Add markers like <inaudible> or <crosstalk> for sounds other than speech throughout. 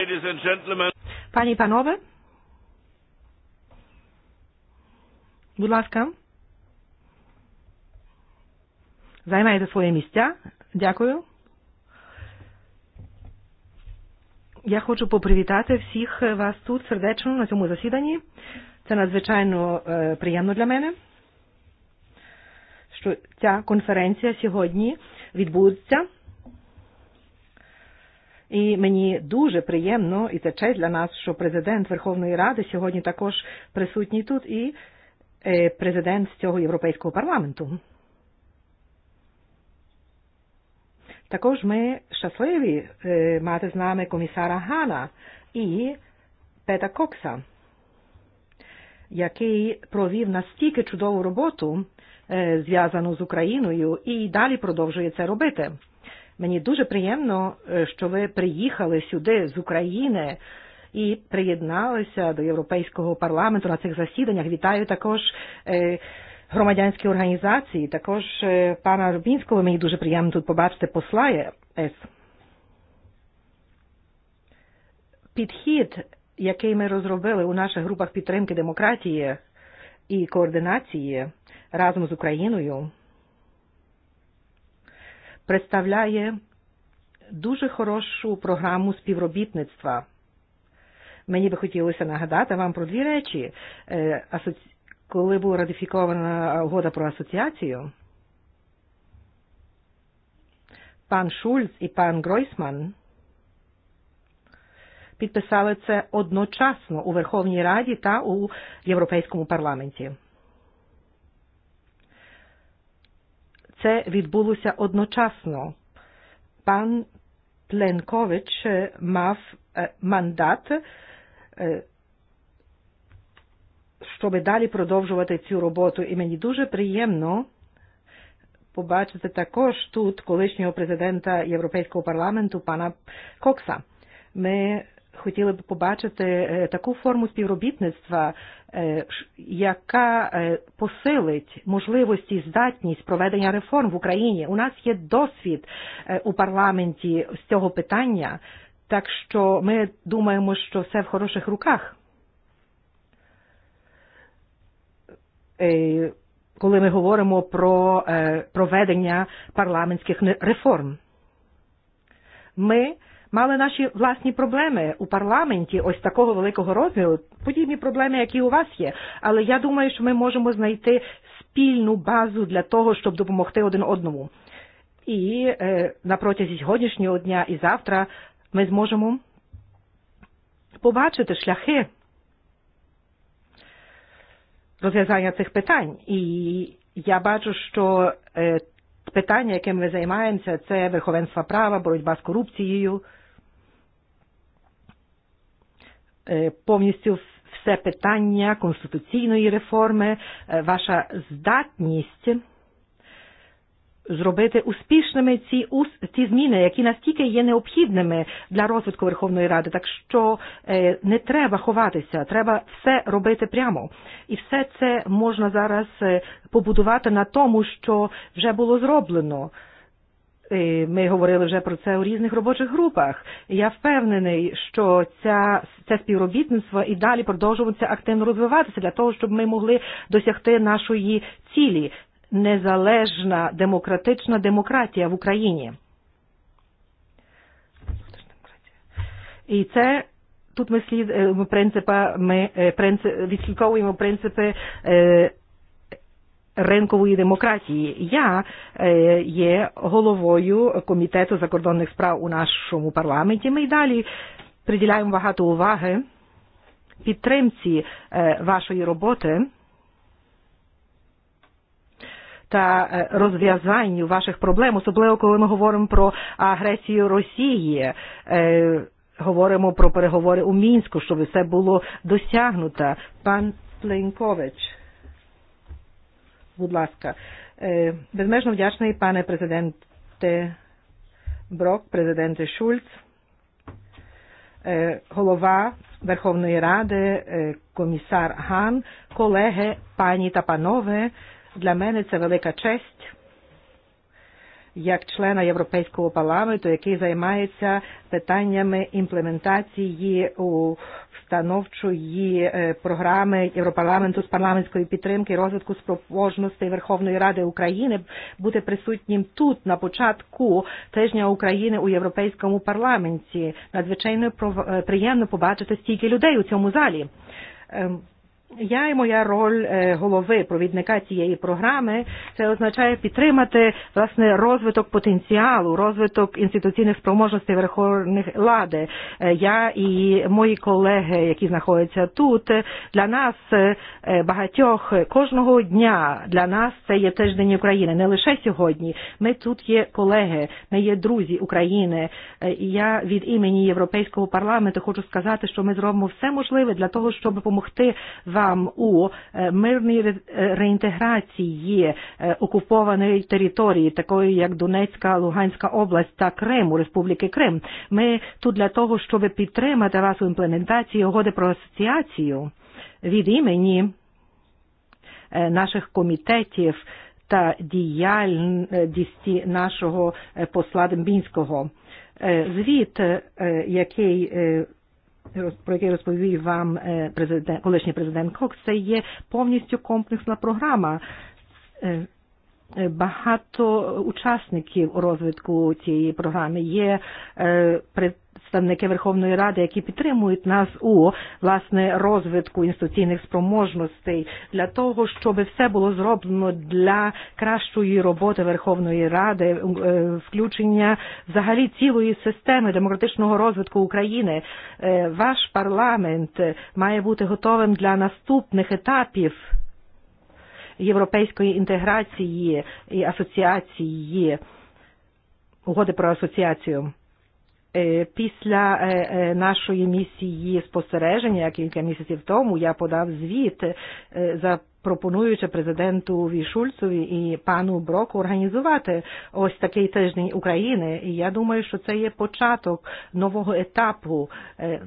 Ladies and gentlemen. Пані і панове. Будь ласка. Займайте своє місця. Дякую. Я хочу попривітати всіх вас тут сердечно на цьому засіданні. Це надзвичайно е, приємно для мене, що ця конференція сьогодні відбудеться І мені дуже приємно і це честь для нас, що президент Верховної Ради сьогодні також присутній тут і президент цього Європейського парламенту. Також ми щасливі мати з нами комісара Гана і Пета Кокса, який провів настільки чудову роботу, зв'язану з Україною, і далі продовжує це робити. Мені дуже приємно, що ви приїхали сюди з України і приєдналися до Європейського парламенту на цих засіданнях. Вітаю також громадянські організації, також пана Рубінського. Мені дуже приємно тут побачити посла ЄС. Підхід, який ми розробили у наших групах підтримки демократії і координації разом з Україною, представляє дуже хорошу програму співробітництва. Мені би хотілося нагадати вам про дві речі. Коли була ратифікована угода про асоціацію, пан Шульц і пан Гройсман підписали це одночасно у Верховній Раді та у Європейському парламенті. це відбулося одночасно. Пан Пленкович мав мандат, щоб далі продовжувати цю роботу. І мені дуже приємно побачити також тут колишнього президента Європейського парламенту пана Кокса. Ми хотіли б побачити таку форму співробітництва, яка посилить можливості і здатність проведення реформ в Україні. У нас є досвід у парламенті з цього питання, так що ми думаємо, що все в хороших руках. Коли ми говоримо про проведення парламентських реформ. Ми мали наші власні проблеми у парламенті, ось такого великого розміру, подібні проблеми, які у вас є. Але я думаю, що ми можемо знайти спільну базу для того, щоб допомогти один одному. І е, на протязі сьогоднішнього дня і завтра ми зможемо побачити шляхи розв'язання цих питань. І я бачу, що е, питання, яким ми займаємося, це верховенство права, боротьба з корупцією – повністю все питання конституційної реформи, ваша здатність зробити успішними ці ці зміни, які настільки є необхідними для розвитку Верховної Ради. Так що е, не треба ховатися, треба все робити прямо. І все це можна зараз побудувати на тому, що вже було зроблено ми говорили вже про це у різних робочих групах. Я впевнений, що ця, це співробітництво і далі продовжується активно розвиватися для того, щоб ми могли досягти нашої цілі незалежна демократична демократія в Україні. І це тут ми слід принципа ми принцип, відслідковуємо принципи е, ринкової демократії. Я є э, головою комітету закордонних справ у нашому парламенті. Ми й далі приділяємо багато уваги підтримці вашої роботи та розв'язанню ваших проблем, особливо коли ми говоримо про агресію Росії, говоримо про переговори у Мінську, щоб все було досягнуто. Пан Пленкович будь ласка. E, Безмежно вдячний, пане президенте Брок, президенте Шульц, голова Верховної Ради, комісар Ган, колеги, пані та панове. Для мене це велика честь як члена Європейського парламенту, який займається питаннями імплементації у становчої э, програми Європарламенту з парламентської підтримки розвитку спроможностей Верховної Ради України бути присутнім тут на початку тижня України у Європейському парламенті. Надзвичайно э, приємно побачити стільки людей у цьому залі. Я і моя роль голови провідника цієї програми це означає підтримати власне розвиток потенціалу, розвиток інституційних спроможностей верховних влади. Я і мої колеги, які знаходяться тут, для нас багатьох кожного дня для нас це є тиждень України, не лише сьогодні. Ми тут є колеги, ми є друзі України. Я від імені Європейського парламенту хочу сказати, що ми зробимо все можливе для того, щоб допомогти вам вам о мирній реінтеграції окупованої території, такої як Донецька, Луганська область та Крим у Республіки Крим. Ми тут для того, щоб підтримати вас у імплементації угоди про асоціацію від імені наших комітетів та діяльності нашого посла Дембінського. Звіт, який про який розповів вам президент, колишній президент Кокс, це є повністю комплексна програма E, багато учасників розвитку цієї програми є представники Верховної Ради, які підтримують нас у власне розвитку інституційних спроможностей для того, щоб все було зроблено для кращої роботи Верховної Ради, включення взагалі цілої системи демократичного розвитку України. Ваш парламент має бути готовим для наступних етапів європейської інтеграції і асоціації, угоди про асоціацію. Э, після э, э, нашої місії спостереження кілька місяців тому я подав звіт за пропонуючи президенту Шульцеві і пану Броку організувати ось такий тиждень України. І я думаю, що це є початок нового етапу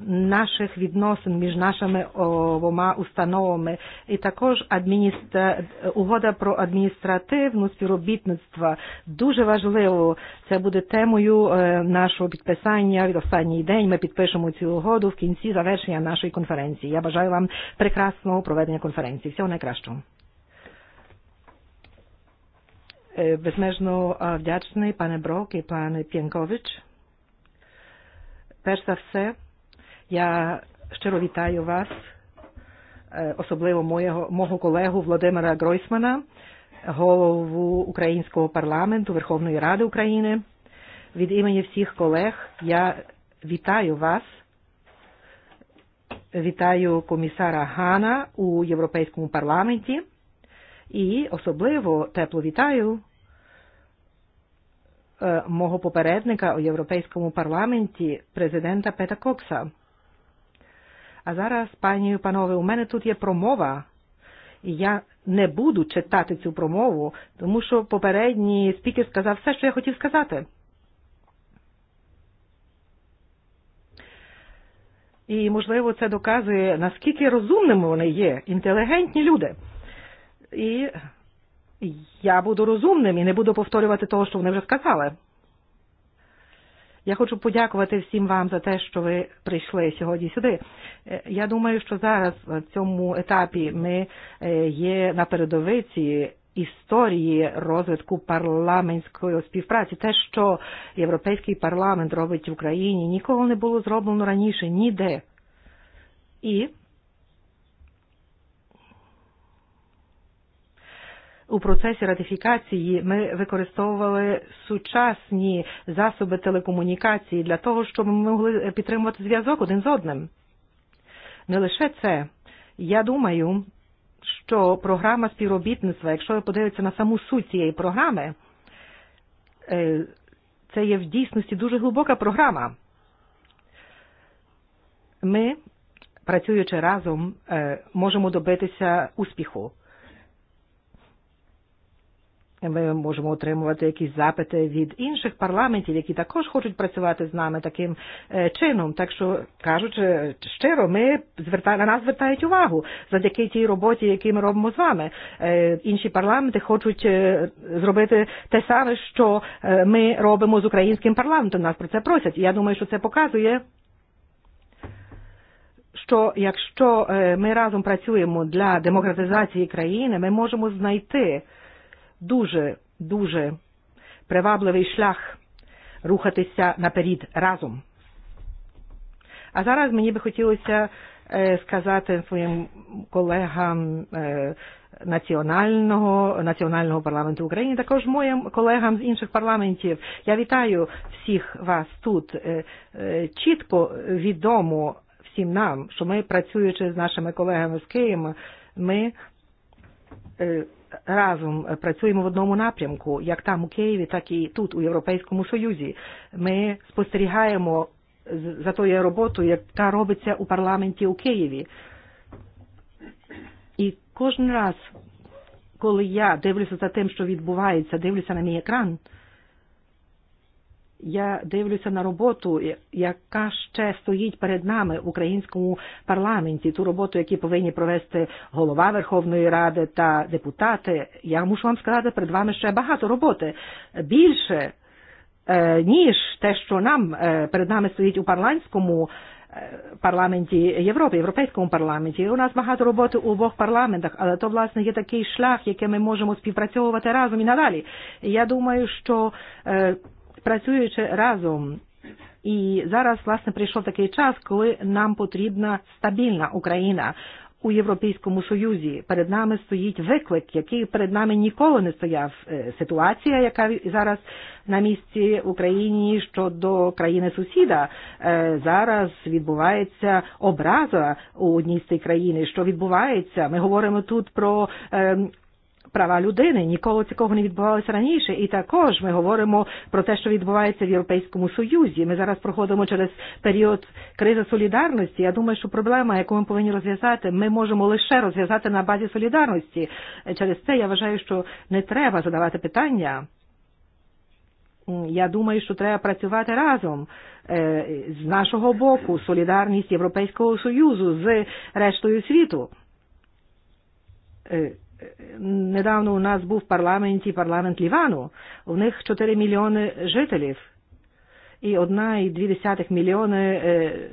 наших відносин між нашими обома установами. І також адміністра... угода про адміністративну співробітництво дуже важливо. Це буде темою нашого підписання. від останній день ми підпишемо цю угоду в кінці завершення нашої конференції. Я бажаю вам прекрасного проведення конференції. Всього найкращого. Будапешту. Bezmierzno wdzięczny pane Brok i pane Pienkowicz. Перш за все, я щиро вітаю вас, особливо моєго, мого колегу Володимира Гройсмана, голову Українського парламенту Верховної Ради України. Від імені всіх колег я вітаю вас – Вітаю комісара Гана у Європейському парламенті і особливо тепло вітаю мого попередника у Європейському парламенті, президента Пета Кокса. А зараз, пані і панове, у мене тут є промова. І я не буду читати цю промову, тому що попередній спікер сказав все, що я хотів сказати. І, можливо, це доказує, наскільки розумними вони є, інтелігентні люди. І я буду розумним і не буду повторювати того, що вони вже сказали. Я хочу подякувати всім вам за те, що ви прийшли сьогодні сюди. Я думаю, що зараз на цьому етапі ми є на передовиці історії розвитку парламентської співпраці. Те, що Європейський парламент робить в Україні, ніколи не було зроблено раніше ніде. І у процесі ратифікації ми використовували сучасні засоби телекомунікації для того, щоб ми могли підтримувати зв'язок один з одним. Не лише це. Я думаю, що програма співробітництва, якщо ви подивитися на саму суть цієї програми, це є в дійсності дуже глибока програма. Ми, працюючи разом, можемо добитися успіху. Ми можемо отримувати якісь запити від інших парламентів, які також хочуть працювати з нами таким чином. Так що, кажучи щиро, ми звертає, на нас звертають увагу завдяки тій роботі, яку ми робимо з вами. Інші парламенти хочуть зробити те саме, що ми робимо з українським парламентом. Нас про це просять. І я думаю, що це показує що якщо ми разом працюємо для демократизації країни, ми можемо знайти дуже, дуже привабливий шлях рухатися наперед разом. А зараз мені би хотілося сказати своїм колегам національного національного парламенту України, також моїм колегам з інших парламентів. Я вітаю всіх вас тут. Чітко відомо всім нам, що ми працюючи з нашими колегами з Києва, ми разом працюємо в одному напрямку, як там у Києві, так і тут, у Європейському Союзі. Ми спостерігаємо за тою роботу, яка робиться у парламенті у Києві. І кожен раз, коли я дивлюся за тим, що відбувається, дивлюся на мій екран – Я дивлюся на роботу, яка ще стоїть перед нами в українському парламенті, ту роботу, яку повинні провести голова Верховної Ради та депутати. Я мушу вам сказати, перед вами ще багато роботи. Більше, ніж те, що нам перед нами стоїть у парламентському парламенті Європи, Європейському парламенті. у нас багато роботи у обох парламентах, але то, власне, є такий шлях, який ми можемо співпрацьовувати разом і надалі. я думаю, що працюючи разом. І зараз, власне, прийшов такий час, коли нам потрібна стабільна Україна у Європейському Союзі. Перед нами стоїть виклик, який перед нами ніколи не стояв. Ситуація, яка зараз на місці Україні щодо країни сусіда, зараз відбувається образа у одній з цих країн. Що відбувається? Ми говоримо тут про права людини. Ніколи цього не відбувалося раніше. І також ми говоримо про те, що відбувається в Європейському Союзі. Ми зараз проходимо через період кризи солідарності. Я думаю, що проблема, яку ми повинні розв'язати, ми можемо лише розв'язати на базі солідарності. Через це я вважаю, що не треба задавати питання. Я думаю, що треба працювати разом з нашого боку, солідарність Європейського Союзу з рештою світу недавно у нас був в парламенті парламент Лівану. У них 4 мільйони жителів. І одна і дві десятих мільйони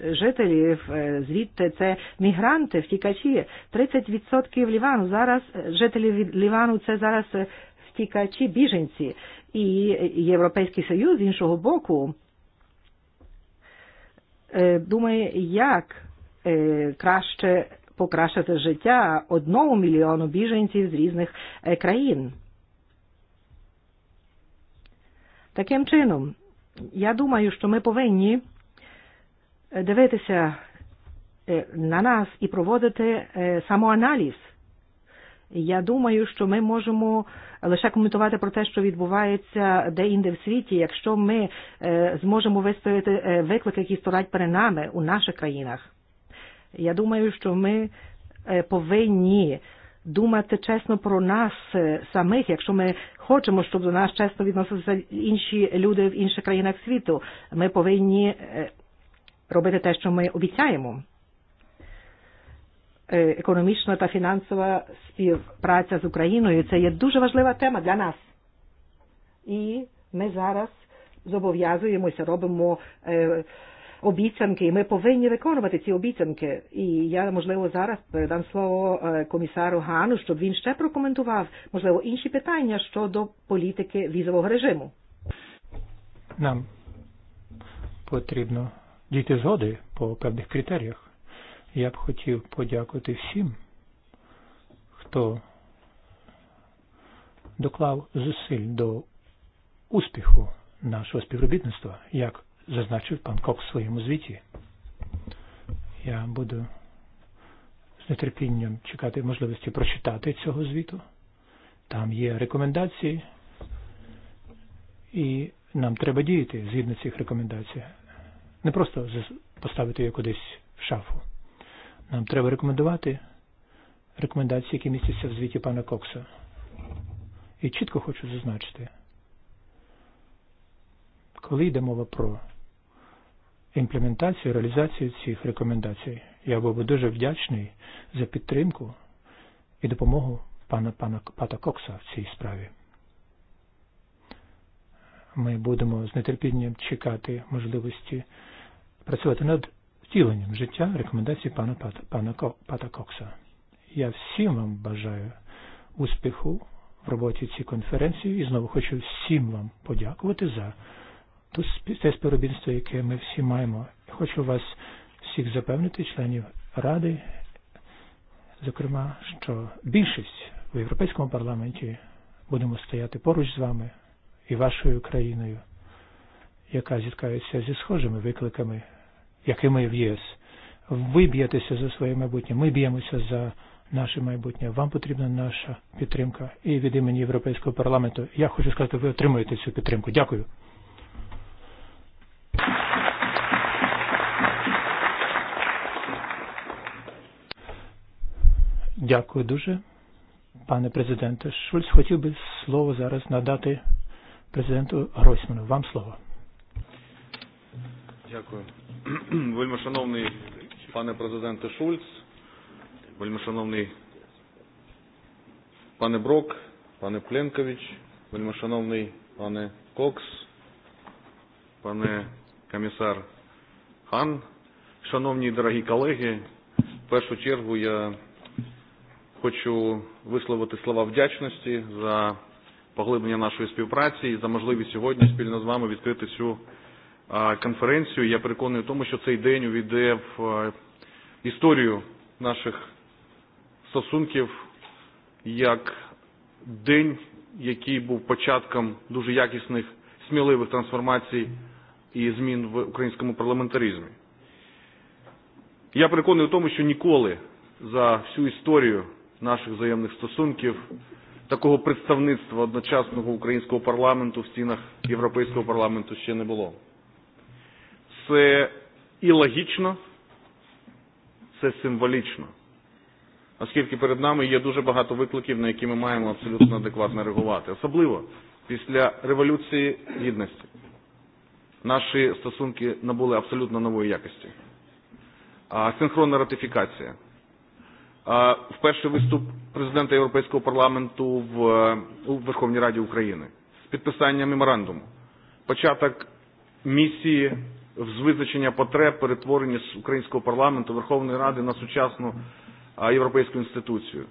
жителів звідти це мігранти, втікачі. 30% Лівану зараз, жителів Лівану це зараз втікачі, біженці. І Європейський Союз, з іншого боку, думає, як краще покращити життя одного мільйону біженців з різних країн. Таким чином, я думаю, що ми повинні дивитися на нас і проводити самоаналіз. Я думаю, що ми можемо лише коментувати про те, що відбувається де-інде в світі, якщо ми зможемо вистояти виклики, які стоять перед нами у наших країнах. Я думаю, що ми э, повинні думати чесно про нас самих, якщо ми хочемо, щоб до нас чесно відносилися інші люди в інших країнах світу, ми повинні робити те, що ми обіцяємо. Економічна та фінансова співпраця з Україною це є дуже важлива тема для нас. І ми зараз зобов'язуємося, робимо обіцянки. Ми повинні виконувати ці обіцянки. І я, можливо, зараз передам слово комісару Гану, щоб він ще прокоментував, можливо, інші питання щодо політики візового режиму. Нам потрібно дійти згоди по певних критеріях. Я б хотів подякувати всім, хто доклав зусиль до успіху нашого співробітництва як Зазначив пан Kok в swoim uzwicie. я буду z нетерпінням чекати можливості прочитати цього звіту. Там є рекомендації, і нам треба діяти згідно цих рекомендацій. Не просто поставити її кудись в шафу. Нам треба рекомендувати рекомендації, які містяться в звіті пана Кокса. І чітко хочу зазначити, коли йде мова про імплементацію, реалізацію цих рекомендацій. Я був би дуже вдячний за підтримку і допомогу пана, пана Пата Кокса в цій справі. Ми будемо з нетерпінням чекати можливості працювати над втіленням життя рекомендацій пана, пана, пана Пата Кокса. Я всім вам бажаю успіху в роботі цієї конференції і знову хочу всім вам подякувати за те співробітництво, яке ми всі маємо. Хочу вас всіх запевнити, членів Ради, зокрема, що більшість в Європейському парламенті будемо стояти поруч з вами і вашою країною, яка зіткається зі схожими викликами, якими в ЄС. Ви б'єтеся за своє майбутнє, ми б'ємося за наше майбутнє. Вам потрібна наша підтримка. І від імені Європейського парламенту я хочу сказати, ви отримуєте цю підтримку. Дякую. Дякую дуже, пане президенте. Шульц хотів би слово зараз надати президенту Гройсману. Вам слово. Дякую. <clears throat> Вельми шановний пане президенте Шульц, вельми шановний пане Брок, пане Пленкович, вельми шановний пане Кокс, пане комісар Хан, шановні дорогі колеги, в першу чергу я Хочу висловити слова вдячності за поглиблення нашої співпраці і за можливість сьогодні спільно з вами відкрити цю конференцію. Я переконаний в тому, що цей день увійде в історію наших стосунків як день, який був початком дуже якісних, сміливих трансформацій і змін в українському парламентаризмі. Я переконаний в тому, що ніколи за всю історію наших взаємних стосунків, такого представництва одночасного українського парламенту в стінах Європейського парламенту ще не було. Це і логічно, це символічно, оскільки перед нами є дуже багато викликів, на які ми маємо абсолютно адекватно реагувати, особливо після Революції Гідності. Наші стосунки набули абсолютно нової якості. Синхронна ратифікація – вперше виступ президента Європейського парламенту в, у Верховній Раді України з підписання меморандуму. Початок місії з визначення потреб перетворення з Українського парламенту Верховної Ради на сучасну європейську інституцію.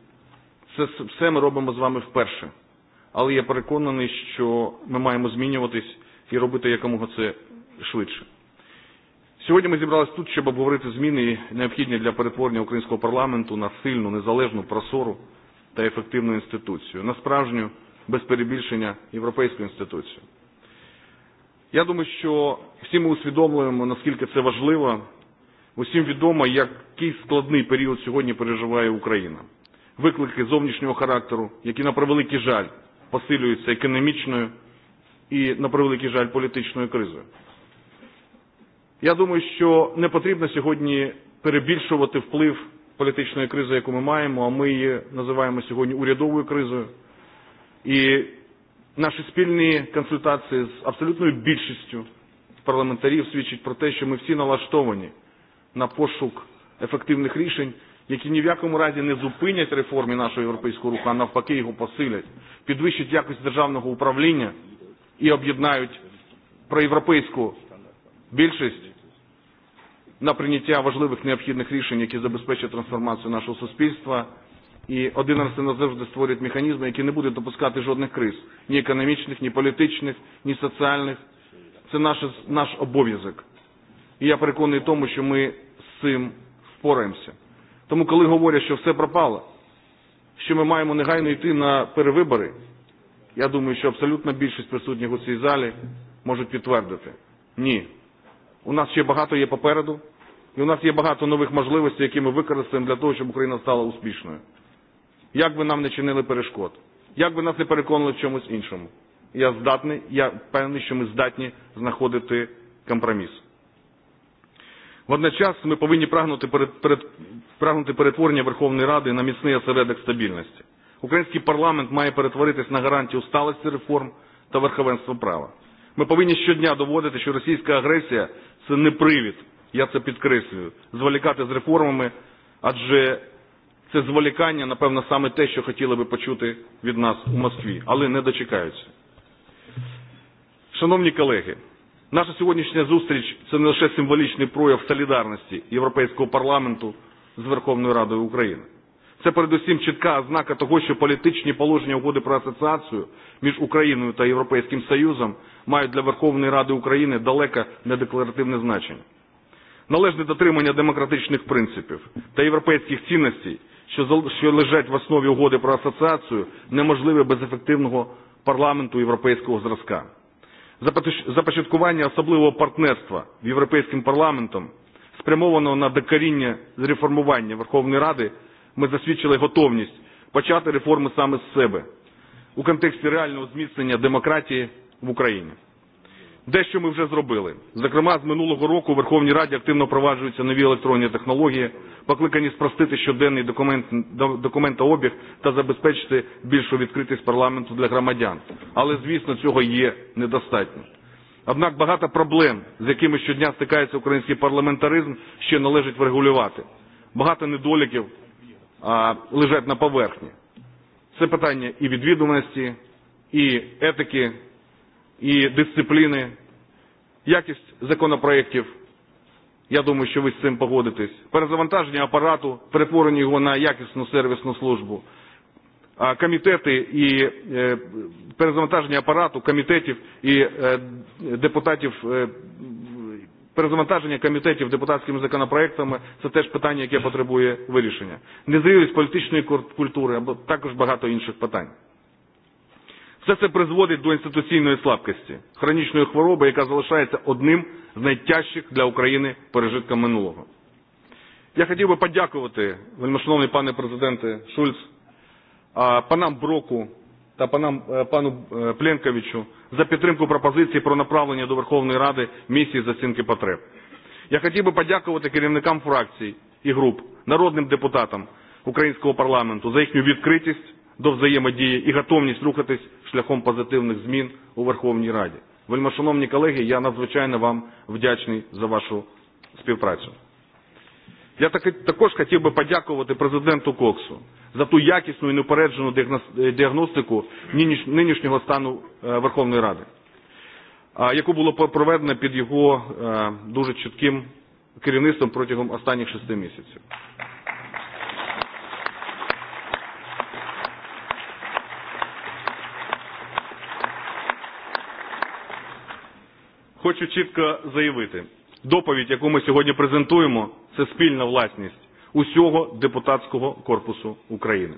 Це все ми робимо з вами вперше. Але я переконаний, що ми маємо змінюватись і робити якомога це швидше. Сьогодні ми зібралися тут, щоб обговорити зміни, необхідні для перетворення українського парламенту на сильну, незалежну, просору та ефективну інституцію, на справжню, без перебільшення, європейську інституцію. Я думаю, що всі ми усвідомлюємо, наскільки це важливо. Усім відомо, який складний період сьогодні переживає Україна. Виклики зовнішнього характеру, які на превеликий жаль посилюються економічною і на превеликий жаль політичною кризою. Я думаю, що не потрібно сьогодні перебільшувати вплив політичної кризи, яку ми маємо, а ми її називаємо сьогодні урядовою кризою. І наші спільні консультації з абсолютною більшістю парламентарів свідчать про те, що ми всі налаштовані на пошук ефективних рішень, які ні в якому разі не зупинять реформи нашого європейського руху, а навпаки його посилять, підвищать якість державного управління і об'єднають проєвропейську більшість на прийняття важливих необхідних рішень, які забезпечать трансформацію нашого суспільства, і один раз і назавжди створюють механізми, які не будуть допускати жодних криз, ні економічних, ні політичних, ні соціальних. Це наш, наш обов'язок. І я переконаний тому, що ми з цим впораємося. Тому, коли говорять, що все пропало, що ми маємо негайно йти на перевибори, я думаю, що абсолютна більшість присутніх у цій залі можуть підтвердити. Ні, У нас ще багато є попереду, і у нас є багато нових можливостей, які ми використаємо для того, щоб Україна стала успішною. Як би нам не чинили перешкод, як би нас не переконали в чомусь іншому. Я здатний, я впевнений, що ми здатні знаходити компроміс. Водночас ми повинні прагнути, перед, перед, прагнути перетворення Верховної Ради на міцний осередок стабільності. Український парламент має перетворитись на гарантію сталості реформ та верховенства права. Ми повинні щодня доводити, що російська агресія це не привід, я це підкреслюю, зволікати з реформами, адже це зволікання, напевно, саме те, що хотіли би почути від нас у Москві, але не дочекаються. Шановні колеги, наша сьогоднішня зустріч це не лише символічний прояв солідарності Європейського парламенту з Верховною Радою України. Це передусім чітка ознака того, що політичні положення угоди про асоціацію між Україною та Європейським Союзом мають для Верховної Ради України далеко не декларативне значення. Належне дотримання демократичних принципів та європейських цінностей, що лежать в основі угоди про асоціацію, неможливе без ефективного парламенту європейського зразка. Започаткування особливого партнерства в європейським парламентом, спрямованого на докоріння реформування Верховної Ради – ми засвідчили готовність почати реформи саме з себе у контексті реального зміцнення демократії в Україні. Дещо ми вже зробили. Зокрема, з минулого року у Верховній Раді активно впроваджуються нові електронні технології, покликані спростити щоденний документ, документообіг та забезпечити більшу відкритість парламенту для громадян. Але, звісно, цього є недостатньо. Однак багато проблем, з якими щодня стикається український парламентаризм, ще належить врегулювати. Багато недоліків лежать на поверхні. Це питання і відвідуваності, і етики, і дисципліни, якість законопроєктів. Я думаю, що ви з цим погодитесь. Перезавантаження апарату, перетворення його на якісну сервісну службу. Комітети і перезавантаження апарату комітетів і депутатів Перезавантаження комітетів депутатськими законопроектами це теж питання, яке потребує вирішення. Незрілість політичної культури або також багато інших питань. Все це призводить до інституційної слабкості, хронічної хвороби, яка залишається одним з найтяжчих для України пережитком минулого. Я хотів би подякувати, вельмишановний пане президенте Шульц, панам Броку, та панам, пану Пленковичу за підтримку пропозиції про направлення до Верховної Ради місії з оцінки потреб. Я хотів би подякувати керівникам фракцій і груп, народним депутатам українського парламенту за їхню відкритість до взаємодії і готовність рухатись шляхом позитивних змін у Верховній Раді. Вельмашановні колеги, я надзвичайно вам вдячний за вашу співпрацю. Я також хотів би подякувати президенту Коксу за ту якісну і неупереджену діагностику нинішнього стану Верховної Ради, яку було проведено під його дуже чітким керівництвом протягом останніх шести місяців. Хочу чітко заявити, доповідь, яку ми сьогодні презентуємо, це спільна власність усього депутатського корпусу України.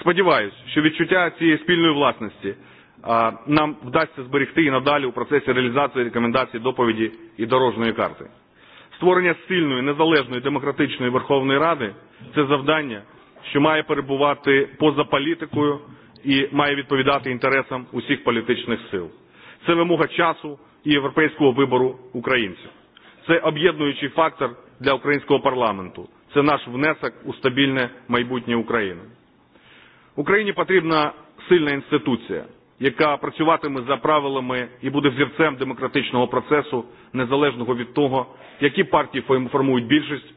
Сподіваюсь, що відчуття цієї спільної власності нам вдасться зберегти і надалі у процесі реалізації рекомендацій доповіді і дорожньої карти. Створення сильної, незалежної, демократичної Верховної Ради – це завдання, що має перебувати поза політикою і має відповідати інтересам усіх політичних сил. Це вимога часу і європейського вибору українців. Це об'єднуючий фактор для українського парламенту. Це наш внесок у стабільне майбутнє України. Україні потрібна сильна інституція, яка працюватиме за правилами і буде взірцем демократичного процесу, незалежного від того, які партії формують більшість,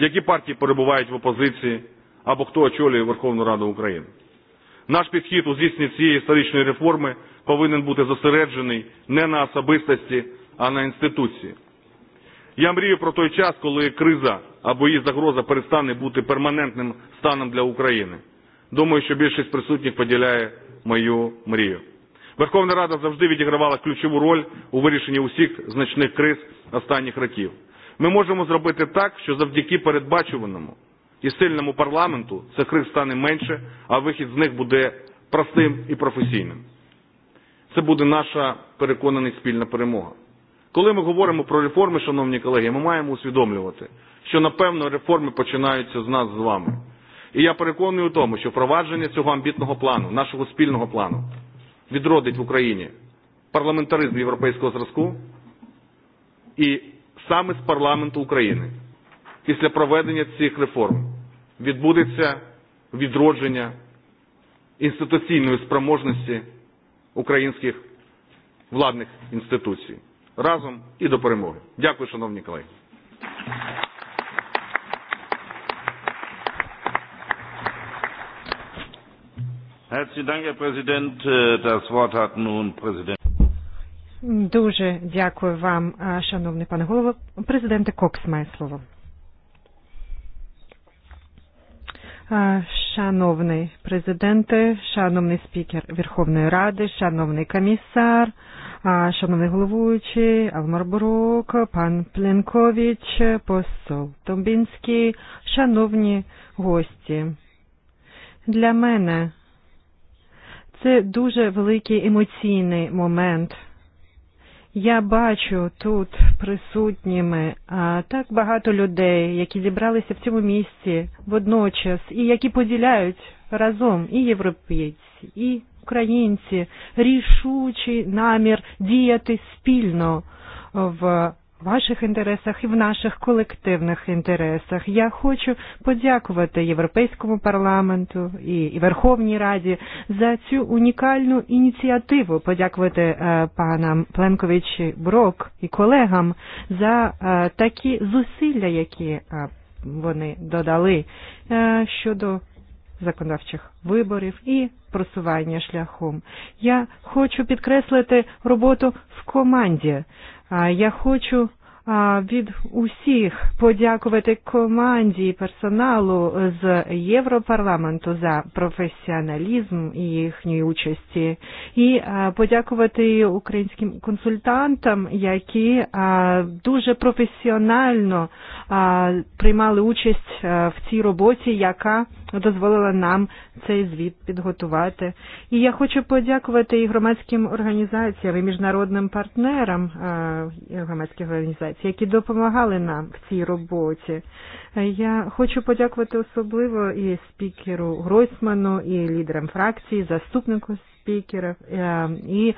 які партії перебувають в опозиції або хто очолює Верховну Раду України. Наш підхід у здійсненні цієї історичної реформи повинен бути зосереджений не на особистості, а на інституції – Я мрію про той час, коли криза або її загроза перестане бути перманентним станом для України. Думаю, що більшість присутніх поділяє мою мрію. Верховна Рада завжди відігравала ключову роль у вирішенні усіх значних криз останніх років. Ми можемо зробити так, що завдяки передбачуваному і сильному парламенту цих криз стане менше, а вихід з них буде простим і професійним. Це буде наша переконаність спільна перемога. Коли ми говоримо про реформи, шановні колеги, ми маємо усвідомлювати, що напевно реформи починаються з нас з вами. І я переконую у тому, що впровадження цього амбітного плану, нашого спільного плану, відродить в Україні парламентаризм європейського зразку і саме з парламенту України після проведення цих реформ відбудеться відродження інституційної спроможності українських владних інституцій разом і до перемоги. Дякую, шановні колеги. Herzlichen Dank, Herr Präsident. Äh, das Wort hat nun Präsident. Дуже дякую вам, шановний пане голово. Президенте Кокс має слово. Шановний президент, шановний спікер Верховної Ради, шановний комісар, шановний головуючий, Алмар Бурок, пан Пленкович, посол Томбінський, шановні гості. Для мене це дуже великий емоційний момент – Я бачу тут присутніми а, так багато людей, які зібралися в цьому місці водночас, і які поділяють разом і європейці, і українці рішучий намір діяти спільно в ваших інтересах і в наших колективних інтересах. Я хочу подякувати Європейському парламенту і Верховній Раді за цю унікальну ініціативу, подякувати панам Пленкович Брок і колегам за такі зусилля, які вони додали щодо законодавчих виборів і просування шляхом. Я хочу підкреслити роботу в команді. Я хочу від усіх подякувати команді і персоналу з Європарламенту за професіоналізм і їхньої участі, і подякувати українським консультантам, які дуже професіонально приймали участь в цій роботі, яка дозволила нам цей звіт підготувати. І я хочу подякувати і громадським організаціям, і міжнародним партнерам громадських організацій, які допомагали нам в цій роботі. Я хочу подякувати особливо і спікеру Гройсману, і лідерам фракції, заступнику спікера, і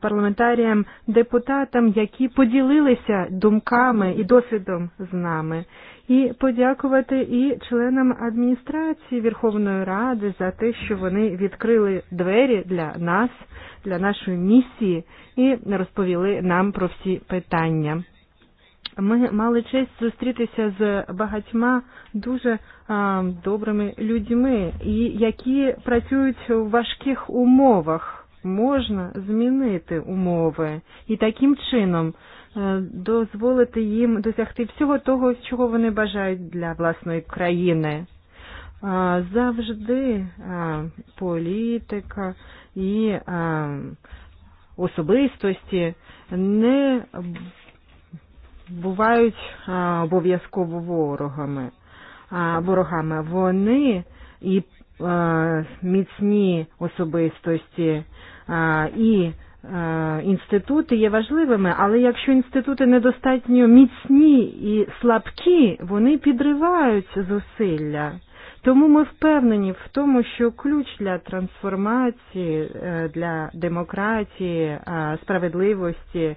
парламентаріям депутатам, які поділилися думками і досвідом з нами і подякувати і членам адміністрації Верховної Ради за те, що вони відкрили двері для нас, для нашої місії і розповіли нам про всі питання. Ми мали честь зустрітися з багатьма дуже а, добрими людьми, і які працюють у важких умовах. Можна змінити умови і таким чином дозволити їм досягти всього того, чого вони бажають для власної країни. Завжди політика і особистості не бувають обов'язково ворогами. Ворогами вони і міцні особистості і Інститути є важливими, але якщо інститути недостатньо міцні і слабкі, вони підривають зусилля Тому ми впевнені в тому, що ключ для трансформації, э, для демократії, э, справедливості, э,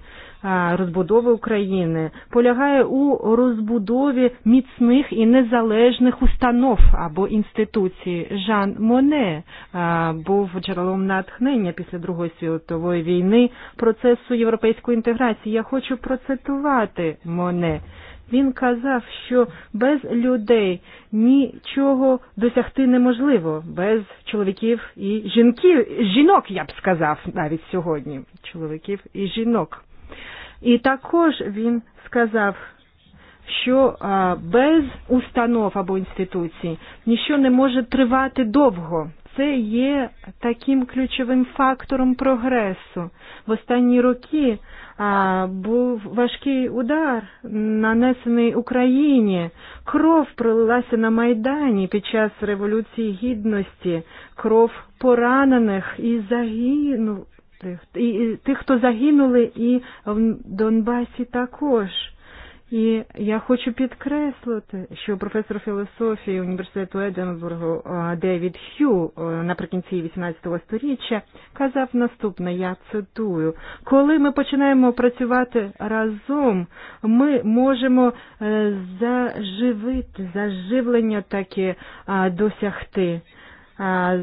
розбудови України полягає у розбудові міцних і незалежних установ або інституцій. Жан Моне був джерелом натхнення після Другої світової війни процесу європейської інтеграції. Я хочу процитувати Моне. Він казав, що без людей нічого досягти неможливо, без чоловіків і жінків, жінок, я б сказав навіть сьогодні, чоловіків і жінок. І також він сказав, що а, без установ або інституцій нічого не може тривати довго. Це є таким ключовим фактором прогресу. В останні роки А був важкий удар, нанесений Україні. Кров пролилася на Майдані під час Революції Гідності, кров поранених і загинув. І тих, хто загинули, і в Донбасі також. І я хочу підкреслити, що професор філософії університету Единбургу Девід Х'ю наприкінці 18-го сторіччя казав наступне, я цитую, коли ми починаємо працювати разом, ми можемо заживити, заживлення таке досягти,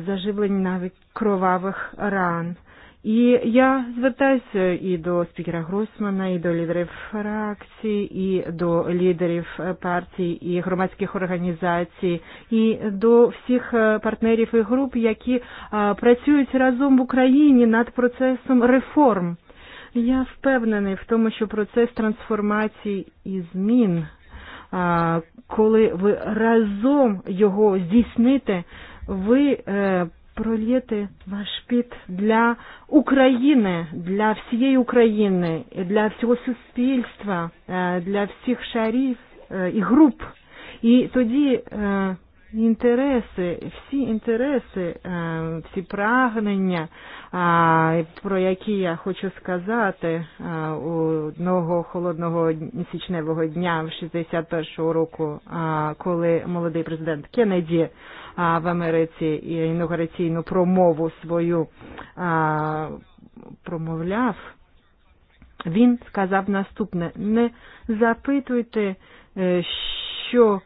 заживлення навіть кровавих ран. І я звертаюся і до спікера Гросмана, і до лідерів фракції, і до лідерів партій і громадських організацій, і до всіх партнерів і груп, які працюють разом в Україні над процесом реформ. Я впевнений в тому, що процес трансформації і змін, коли ви разом його здійсните, ви пролеты вашпит для Украины, для всей Украины, для всего суспільства, для всіх шарів і груп. І тоді інтереси, всі інтереси, всі прагнення, про які я хочу сказати у одного холодного січневого дня в 61-го року, коли молодий президент Кеннеді в Америці інаугураційну промову свою промовляв, він сказав наступне: не запитуйте, що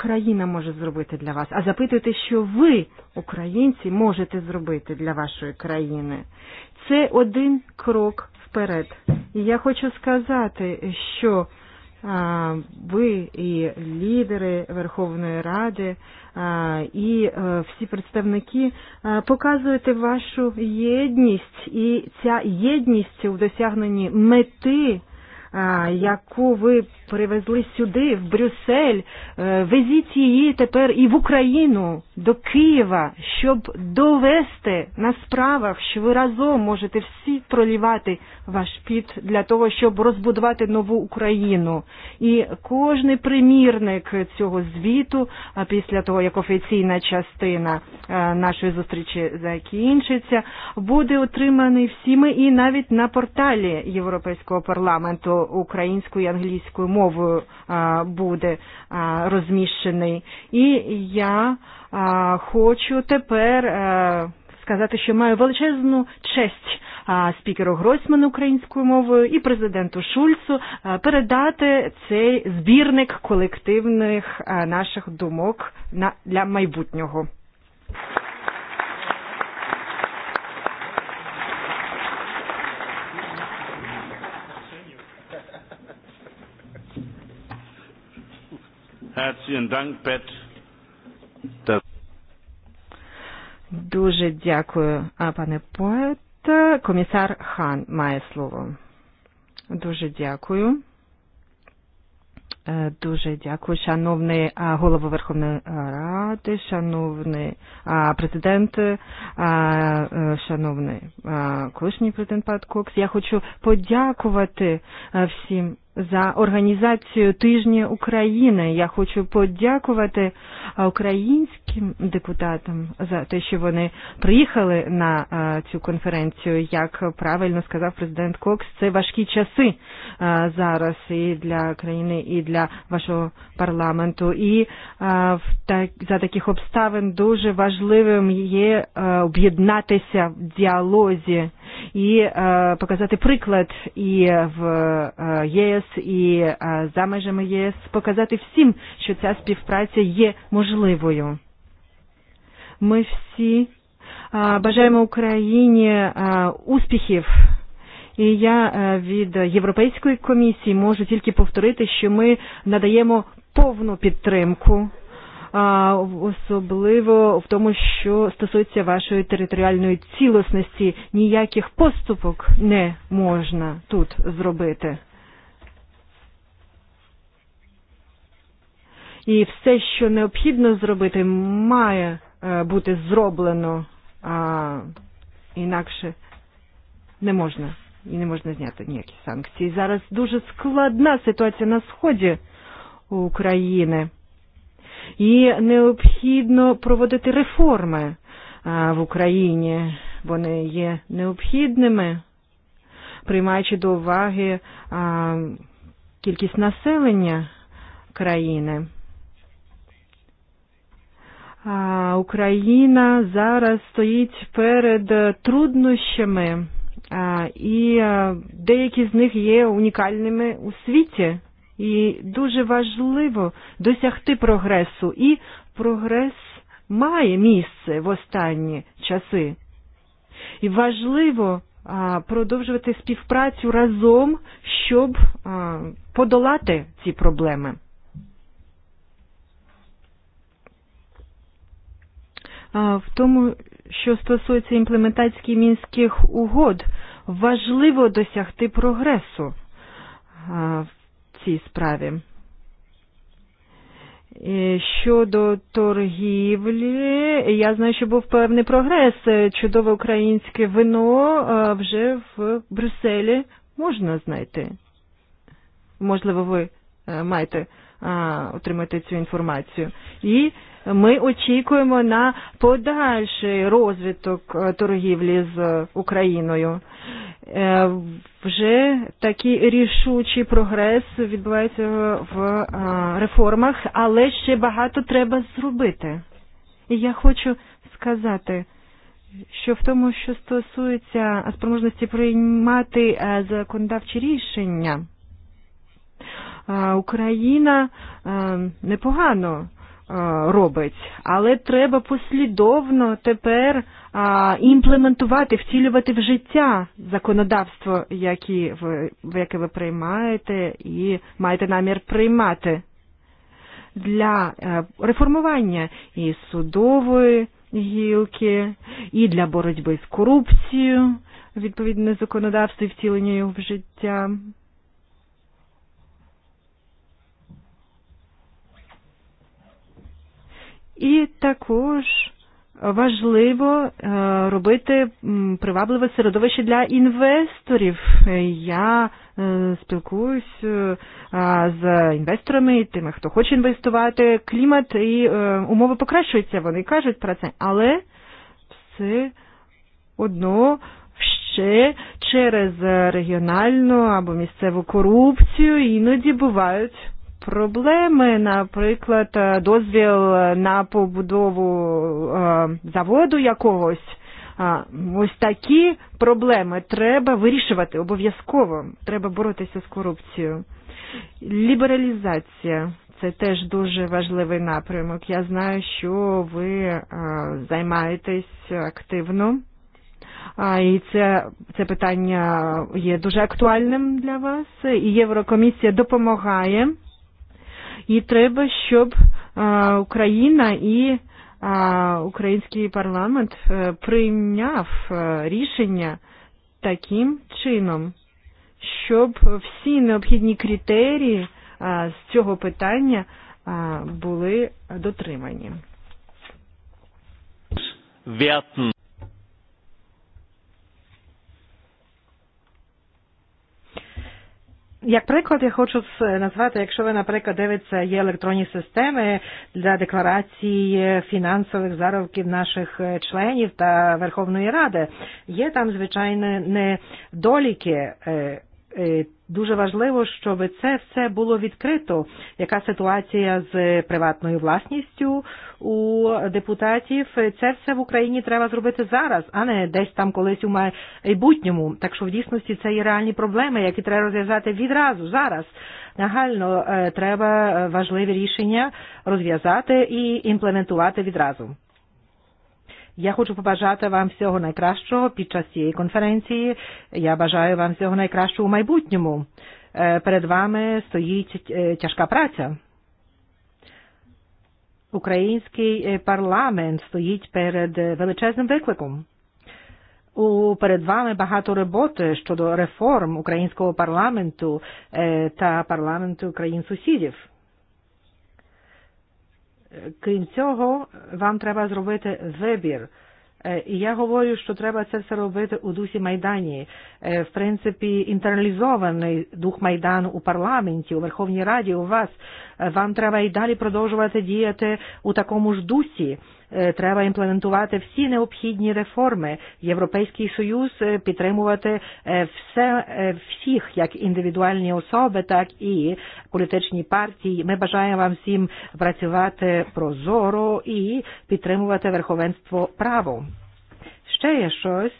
країна може зробити для вас, а запитуйте, що ви, українці, можете зробити для вашої країни. Це один крок вперед. І я хочу сказати, що а, ви і лідери Верховної Ради, а, і а, э, всі представники а, показуєте вашу єдність, і ця єдність у досягненні мети яку ви привезли сюди, в Брюссель, везіть її тепер і в Україну, до Києва, щоб довести на справах, що ви разом можете всі пролівати ваш піт для того, щоб розбудувати нову Україну. І кожний примірник цього звіту, а після того, як офіційна частина нашої зустрічі закінчиться, буде отриманий всіми і навіть на порталі Європейського парламенту українську і англійську мовою буде розміщений. І я хочу тепер сказати, що маю величезну честь спікеру Гройсману українською мовою і президенту Шульцу передати цей збірник колективних наших думок для майбутнього. Thank you. Herzlichen Dank, Пет. Дуже дякую, пане поет. Комісар Хан має слово. Дуже дякую. Дуже дякую, шановний голово Верховної Ради, шановний президент, шановний колишній президент Пат Кокс. Я хочу подякувати всім за організацію тижня України. Я хочу подякувати українським депутатам за те, що вони приїхали на цю конференцію. Як правильно сказав президент Кокс, це важкі часи зараз і для країни, і для вашого парламенту. І за таких обставин дуже важливим є об'єднатися в діалозі і показати приклад і в ЄС ЄС і за межами ЄС показати всім, що ця співпраця є можливою. Ми всі бажаємо Україні успіхів. І я від Європейської комісії можу тільки повторити, що ми надаємо повну підтримку, особливо в тому, що стосується вашої територіальної цілісності, ніяких поступок не можна тут зробити. І все, що необхідно зробити, має бути зроблено, а інакше не можна. І не можна зняти ніякі санкції. Зараз дуже складна ситуація на сході України. І необхідно проводити реформи в Україні. Вони є необхідними, приймаючи до уваги кількість населення країни. А Україна зараз стоїть перед труднощами, а, і а, деякі з них є унікальними у світі. І дуже важливо досягти прогресу. І прогрес має місце в останні часи. І важливо а, продовжувати співпрацю разом, щоб а, подолати ці проблеми. в тому, що стосується імплементації мінських угод, важливо досягти прогресу в цій справі. Щодо торгівлі, я знаю, що був певний прогрес. Чудове українське вино вже в Брюсселі можна знайти. Можливо, ви маєте отримати цю інформацію. І Ми очікуємо на подальший розвиток торгівлі з Україною. Вже такий рішучий прогрес відбувається в реформах, але ще багато треба зробити. І я хочу сказати, що в тому, що стосується спроможності приймати законодавчі рішення, Україна непогано робить, але треба послідовно тепер а, імплементувати, втілювати в життя законодавство, які ви, яке ви приймаєте і маєте намір приймати для реформування і судової гілки, і для боротьби з корупцією, відповідне законодавство і втілення його в життя. І також важливо робити привабливе середовище для інвесторів. Я спілкуюсь з інвесторами і тими, хто хоче інвестувати. Клімат і умови покращуються, вони кажуть про це, але все одно ще через регіональну або місцеву корупцію іноді бувають проблеми, наприклад, дозвіл на побудову заводу якогось. Ось такі проблеми треба вирішувати обов'язково. Треба боротися з корупцією. Лібералізація. Це теж дуже важливий напрямок. Я знаю, що ви займаєтесь активно. А, і це, це питання є дуже актуальним для вас. І Єврокомісія допомагає І треба, щоб Україна і український парламент прийняв рішення таким чином, щоб всі необхідні критерії з цього питання були дотримані. Werten. Як приклад, я хочу назвати, якщо ви, наприклад, дивитеся, є електронні системи для декларації фінансових заробків наших членів та Верховної Ради, є там, звичайно, недоліки Дуже важливо, щоб це все було відкрито. Яка ситуація з приватною власністю у депутатів? Це все в Україні треба зробити зараз, а не десь там колись у майбутньому. Так що в дійсності це є реальні проблеми, які треба розв'язати відразу зараз. Нагально треба важливі рішення розв'язати і імплементувати відразу. Я хочу побажати вам всього найкращого під час цієї конференції. Я бажаю вам всього найкращого у майбутньому. Перед вами стоїть тяжка праця. Український парламент стоїть перед величезним викликом. У перед вами багато роботи щодо реформ українського парламенту та парламенту країн сусідів. Крім цього, вам треба зробити вибір. І я говорю, що треба це все робити у дусі Майдані. В принципі, інтерналізований дух Майдану у парламенті, у Верховній Раді, у вас. Вам треба і далі продовжувати діяти у такому ж дусі треба імплементувати всі необхідні реформи. Європейський Союз підтримувати все, всіх, як індивідуальні особи, так і політичні партії. Ми бажаємо вам всім працювати прозоро і підтримувати верховенство право. Ще є щось,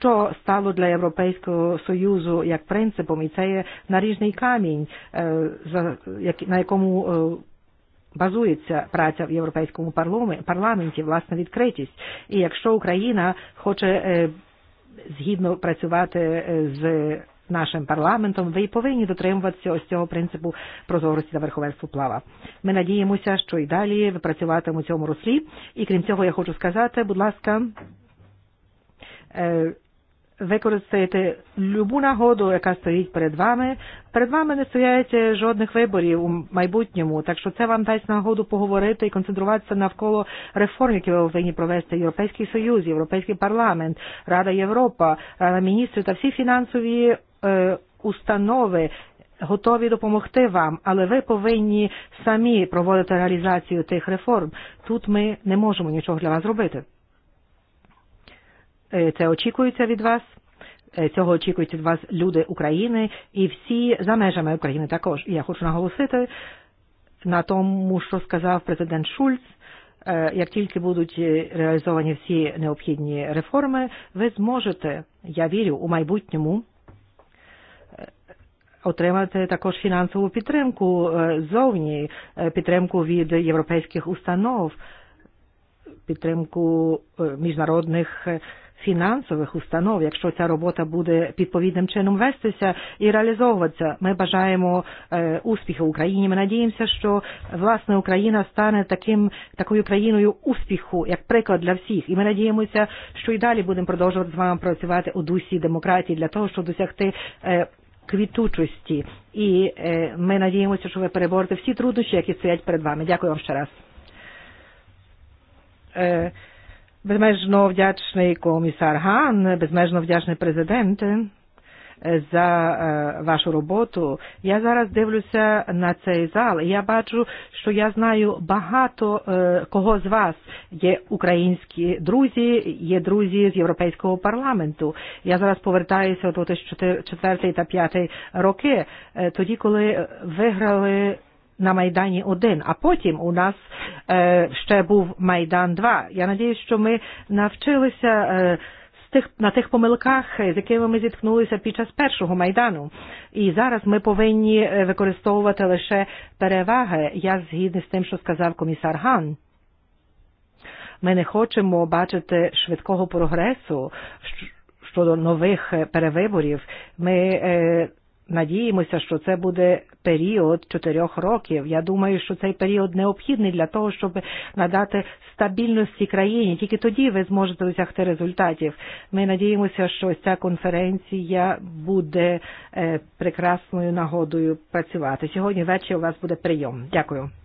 що стало для Європейського Союзу як принципом, і це є наріжний камінь, на якому базується праця в Європейському парламенті, власна відкритість. І якщо Україна хоче згідно працювати з нашим парламентом, ви повинні дотримуватися ось цього принципу прозорості та верховенства плава. Ми надіємося, що і далі ви працюватимете у цьому руслі. І крім цього, я хочу сказати, будь ласка, використаєте любу нагоду, яка стоїть перед вами. Перед вами не стоять жодних виборів у майбутньому, так що це вам дасть нагоду поговорити і концентруватися навколо реформ, які ви повинні провести Європейський Союз, Європейський парламент, Рада Європа, Рада міністрів та всі фінансові е, установи, готові допомогти вам, але ви повинні самі проводити реалізацію тих реформ. Тут ми не можемо нічого для вас зробити. Це очікується від вас. Цього очікують від вас люди України і всі за межами України також. Я хочу наголосити на тому, що сказав президент Шульц. Як тільки будуть реалізовані всі необхідні реформи, ви зможете, я вірю, у майбутньому отримати також фінансову підтримку ззовні, підтримку від європейських установ, підтримку міжнародних фінансових установ, якщо ця робота буде відповідним чином вестися і реалізовуватися. Ми бажаємо э, успіху Україні. Ми надіємося, що власне Україна стане таким такою країною успіху, як приклад для всіх. І ми надіємося, що і далі будемо продовжувати з вами працювати у дусі демократії для того, щоб досягти э, квітучості. І ми надіємося, що ви переборете всі труднощі, які стоять перед вами. Дякую вам ще раз. Безмежно вдячний комісар Ган, безмежно вдячний президент за вашу роботу. Я зараз дивлюся на цей зал. і Я бачу, що я знаю багато кого з вас. Є українські друзі, є друзі з Європейського парламенту. Я зараз повертаюся до 2004 та 2005 роки, тоді, коли виграли на Майдані 1, а потім у нас е, ще був Майдан 2. Я надію, що ми навчилися е, тих на тих помилках, з якими ми зіткнулися під час першого майдану. І зараз ми повинні використовувати лише переваги. Я згідний з тим, що сказав комісар Ган. Ми не хочемо бачити швидкого прогресу щодо нових перевиборів. Ми е, Надіємося, що це буде період чотирьох років. Я думаю, що цей період необхідний для того, щоб надати стабільності країні. Тільки тоді ви зможете досягти результатів. Ми надіємося, що ця конференція буде прекрасною нагодою працювати. Сьогодні ввечері у вас буде прийом. Дякую.